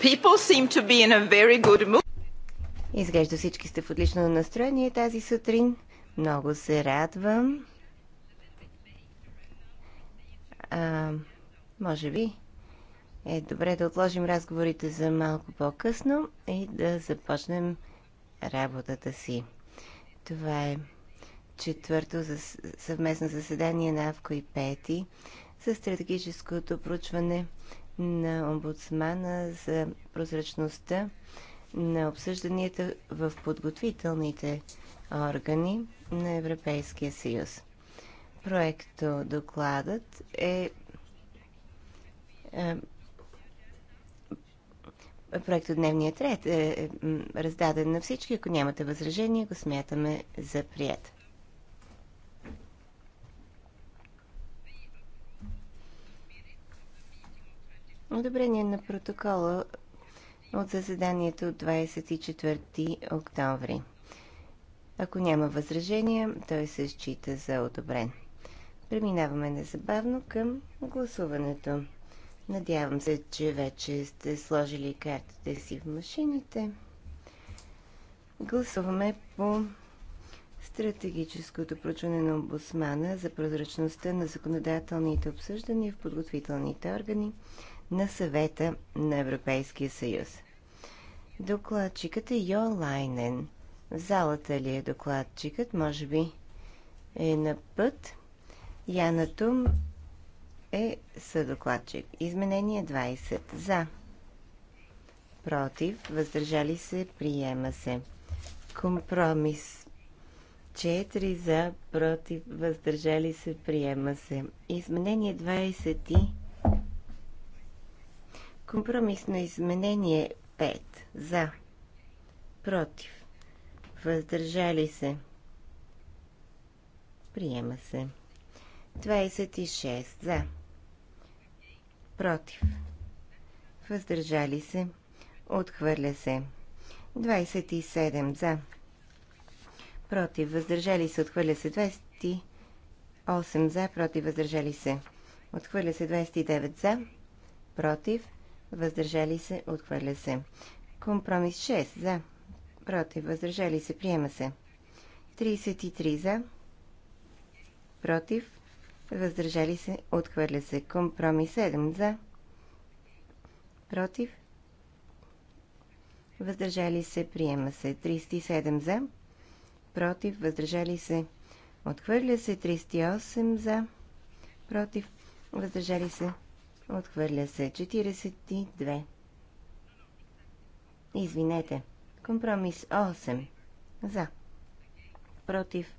People seem to be in a very good mood. Изглежда всички сте в отлично настроение тази сутрин. Много се радвам. А, може би е добре да отложим разговорите за малко по-късно и да започнем работата си. Това е четвърто за съвместно заседание на АВКО и Пети за стратегическото проучване на омбудсмана за прозрачността на обсъжданията в подготвителните органи на Европейския съюз. Проекто докладът е, е Проекто дневният ред е раздаден на всички. Ако нямате възражение, го смятаме за прият. одобрение на протокола от заседанието от 24 октомври. Ако няма възражения, той се счита за одобрен. Преминаваме незабавно към гласуването. Надявам се, че вече сте сложили картите си в машините. Гласуваме по стратегическото проучване на Омбусмана за прозрачността на законодателните обсъждания в подготвителните органи на съвета на Европейския съюз. Докладчикът е Йо Лайнен. В залата ли е докладчикът? Може би е на път. Яна Тум е съдокладчик. Изменение 20. За. Против. Въздържали се. Приема се. Компромис. 4 за. Против. Въздържали се. Приема се. Изменение 20. Компромисно изменение 5. За. Против. Въздържали се. Приема се. 26. За. Против. Въздържали се. Отхвърля се. 27. За. Против. Въздържали се. Отхвърля се. 28. За. Против. Въздържали се. Отхвърля се. 29. За. Против въздържали се, отхвърля се. Компромис 6 за, против, въздържали се, приема се. 33 за, против, въздържали се, отхвърля се. Компромис 7 за, против, въздържали се, приема се. 37 за, против, въздържали се, отхвърля се. 38 за, против, въздържали се, Отхвърля се 42. Извинете. Компромис 8. За. Против.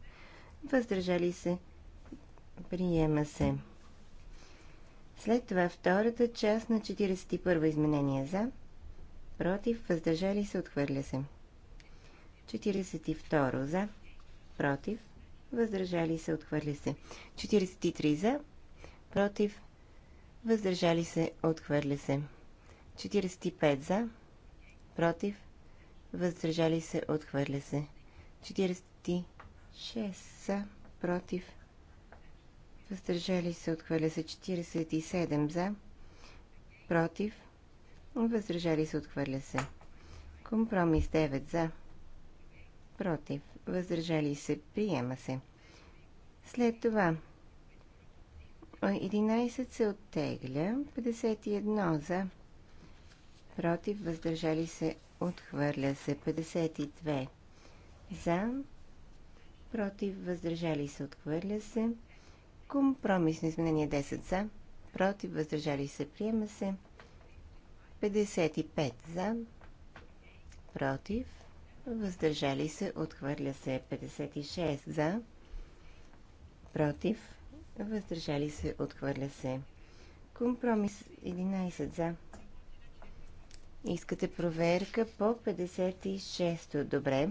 Въздържали се. Приема се. След това втората част на 41 изменение за. Против. Въздържали се. Отхвърля се. 42 за. Против. Въздържали се. Отхвърля се. 43 за. Против въздържали се, отхвърля се. 45 за, против, въздържали се, отхвърля се. 46 за, против, въздържали се, отхвърля се. 47 за, против, въздържали се, отхвърля се. Компромис 9 за, против, въздържали се, приема се. След това 11 се оттегля. 51 за. Против. Въздържали се. Отхвърля се. 52 за. Против. Въздържали се. Отхвърля се. Компромисно изменение 10 за. Против. Въздържали се. Приема се. 55 за. Против. Въздържали се. Отхвърля се. 56 за. Против въздържали се, отхвърля се. Компромис 11 за. Искате проверка по 56-то. Добре.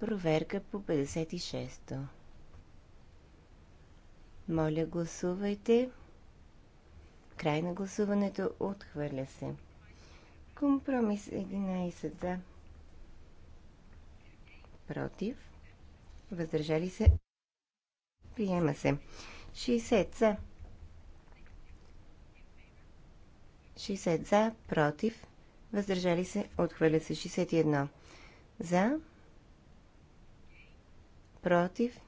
Проверка по 56-то. Моля, гласувайте. Край на гласуването отхвърля се. Компромис 11 за. Против. Въздържали се. Приема се. 60 за. 60 за, против, въздържали се, отхвърля се 61. За, против,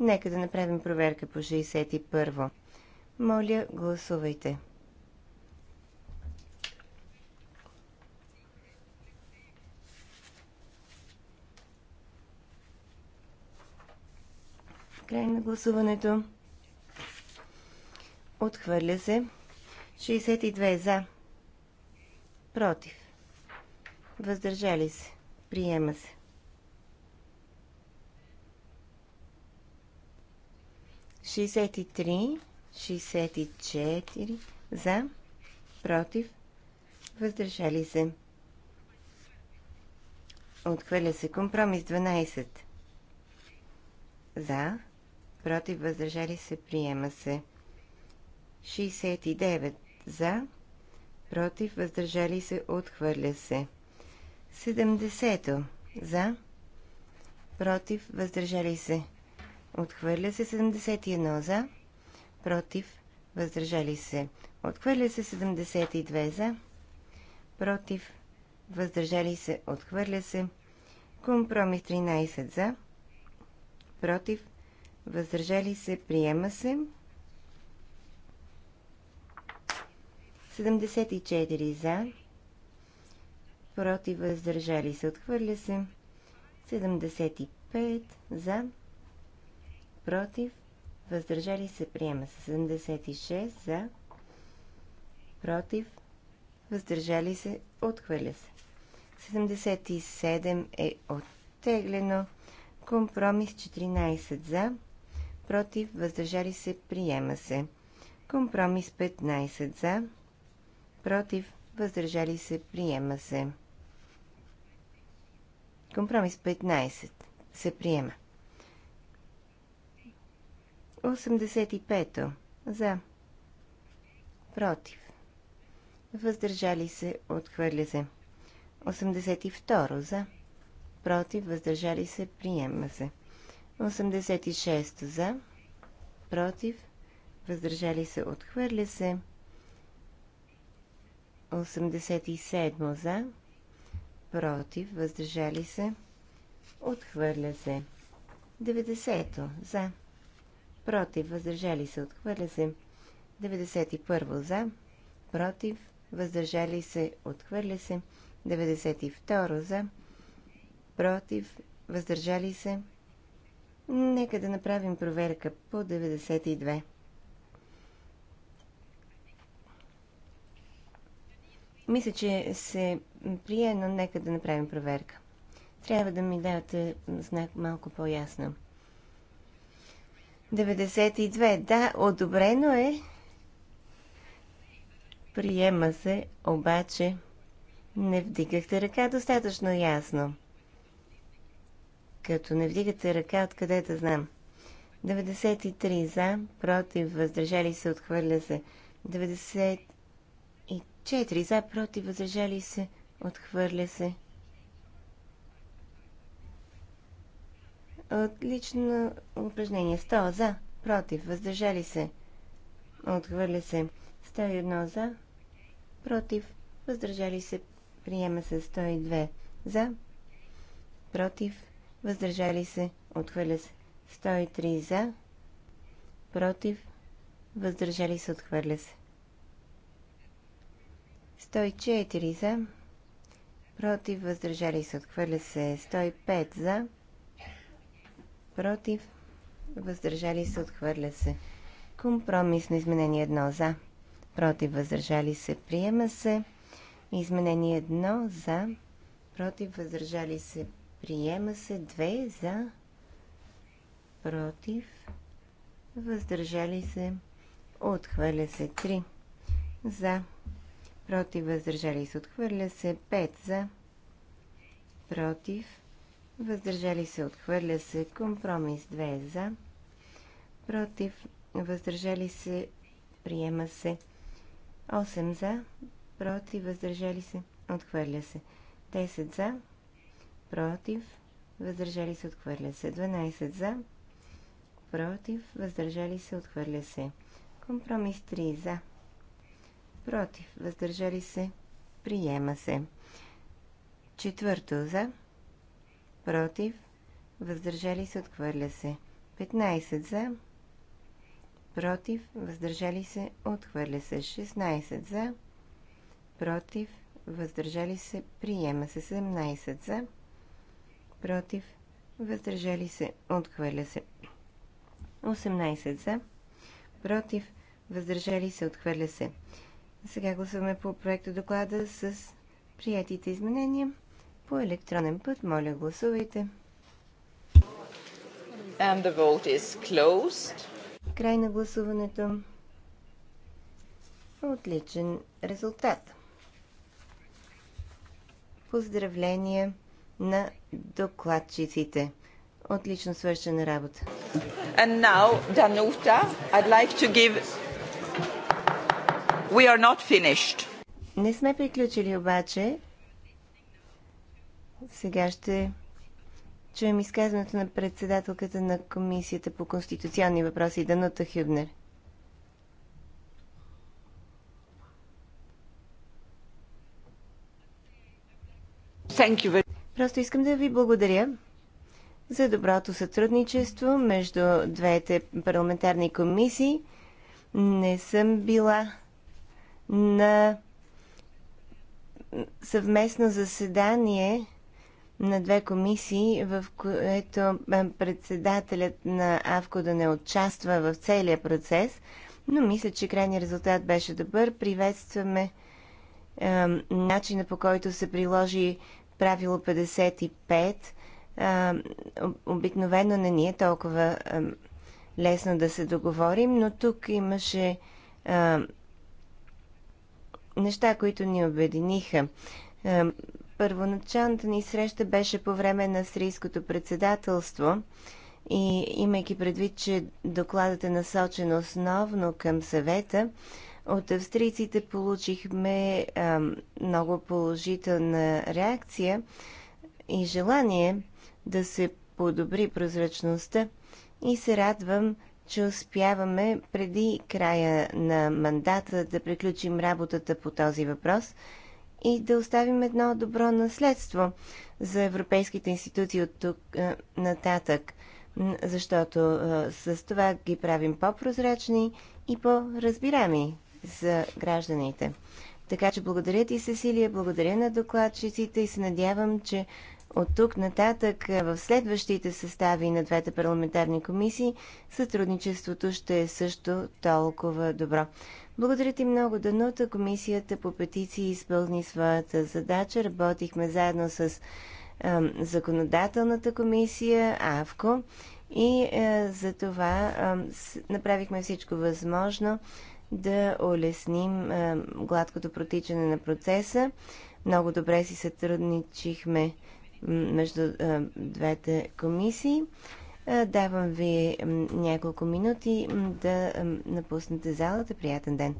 нека да направим проверка по 61. Моля, гласувайте. Край на гласуването. Отхвърля се. 62 за. Против. Въздържали се. Приема се. Шестдесет и три, шестдесет и четири, за, против, въздържали се. Отхвърля се компромис 12. За, против, въздържали се, приема се. 69 за, против, въздържали се, отхвърля се. 70 за, против, въздържали се, отхвърля се. 71 за, против, въздържали се, отхвърля се. 72 за, против, въздържали се, отхвърля се. Компромис 13 за, против, Въздържали се. Приема се. 74 за. Против. Въздържали се. Отхвърля се. 75 за. Против. Въздържали се. Приема се. 76 за. Против. Въздържали се. Отхвърля се. 77 е оттеглено. Компромис 14 за против, въздържали се, приема се. Компромис 15 за, против, въздържали се, приема се. Компромис 15 се приема. 85 за, против, въздържали се, отхвърля се. 82 за, против, въздържали се, приема се. 86 за, против, въздържали се, отхвърля се. 87 за, против, въздържали се, отхвърля се. 90 за, против, въздържали се, отхвърля се. 91 за, против, въздържали се, отхвърля се. 92 за, против, въздържали се, Нека да направим проверка по 92. Мисля, че се прие, но нека да направим проверка. Трябва да ми давате знак малко по-ясно. 92. Да, одобрено е. Приема се, обаче не вдигахте ръка достатъчно ясно. Като не вдигате ръка, откъде да знам. 93 за, против, въздържали се, отхвърля се. 94 за, против, въздържали се, отхвърля се. Отлично упражнение. 100 за, против, въздържали се, отхвърля се. 101 за, против, въздържали се, приема се 102 за, против, въздържали се, отхвърля се. 103 за, против, въздържали се, отхвърля се. 104 за, против, въздържали се, отхвърля се. 105 за, против, въздържали се, отхвърля се. Компромисно изменение 1 за, против, въздържали се, приема се. Изменение 1 за, против, въздържали се, Приема се 2 за, против, въздържали се, отхвърля се 3 за, против, въздържали се, отхвърля се 5 за, против, въздържали се, отхвърля се, компромис 2 за, против, въздържали се, приема се 8 за, против, въздържали се, отхвърля се 10 за, против, въздържали се, отхвърля се. 12 за, против, въздържали се, отхвърля се. Компромис 3 за, против, въздържали се, приема се. Четвърто за, против, въздържали се, отхвърля се. 15 за, против, въздържали се, отхвърля се. 16 за, против, въздържали се, приема се. 17 за, против, въздържали се, отхвърля се. 18 за, против, въздържали се, отхвърля се. Сега гласуваме по проекта доклада с приятите изменения. По електронен път, моля, гласувайте. And the vote is closed. Край на гласуването. Отличен резултат. Поздравления! на докладчиците. Отлично свършена работа. And now, Danuta, I'd like to give... We are not finished. Не сме приключили обаче. Сега ще чуем изказването на председателката на Комисията по конституционни въпроси Данута Хюбнер. Thank you very Просто искам да ви благодаря за доброто сътрудничество между двете парламентарни комисии. Не съм била на съвместно заседание на две комисии, в което председателят на АВКО да не участва в целия процес, но мисля, че крайният резултат беше добър. Приветстваме е, начина по който се приложи правило 55 обикновено не ни е толкова лесно да се договорим, но тук имаше неща, които ни обединиха. първоначалната ни среща беше по време на австрийското председателство и имайки предвид, че докладът е насочен основно към съвета, от австрийците получихме а, много положителна реакция и желание да се подобри прозрачността и се радвам, че успяваме преди края на мандата да приключим работата по този въпрос и да оставим едно добро наследство за европейските институции от тук а, нататък, защото а, с това ги правим по-прозрачни и по-разбирами за гражданите. Така че благодаря ти, Сесилия, благодаря на докладчиците и се надявам, че от тук нататък в следващите състави на двете парламентарни комисии сътрудничеството ще е също толкова добро. Благодаря ти много, Данута. Комисията по петиции изпълни своята задача. Работихме заедно с законодателната комисия АВКО и е, за това е, направихме всичко възможно да улесним е, гладкото протичане на процеса. Много добре си сътрудничихме между е, двете комисии. Е, давам ви няколко минути да напуснете залата. Приятен ден!